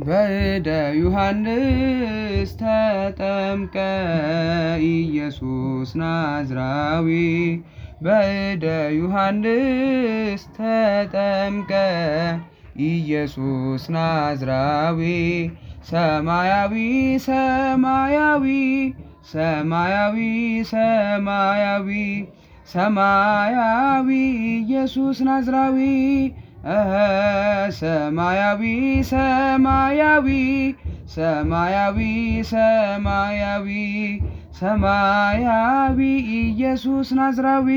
በእደ ዮሐንስ ተጠምቀ ኢየሱስ ናዝራዊ በእደ ዮሐንስ ተጠምቀ ኢየሱስ ናዝራዊ ሰማያዊ ሰማያዊ ሰማያዊ ሰማያዊ ሰማያዊ ኢየሱስ ናዝራዊ ሰማያዊ ሰማያዊ ሰማያዊ ሰማያዊ ሰማያዊ ኢየሱስ ናዝራዊ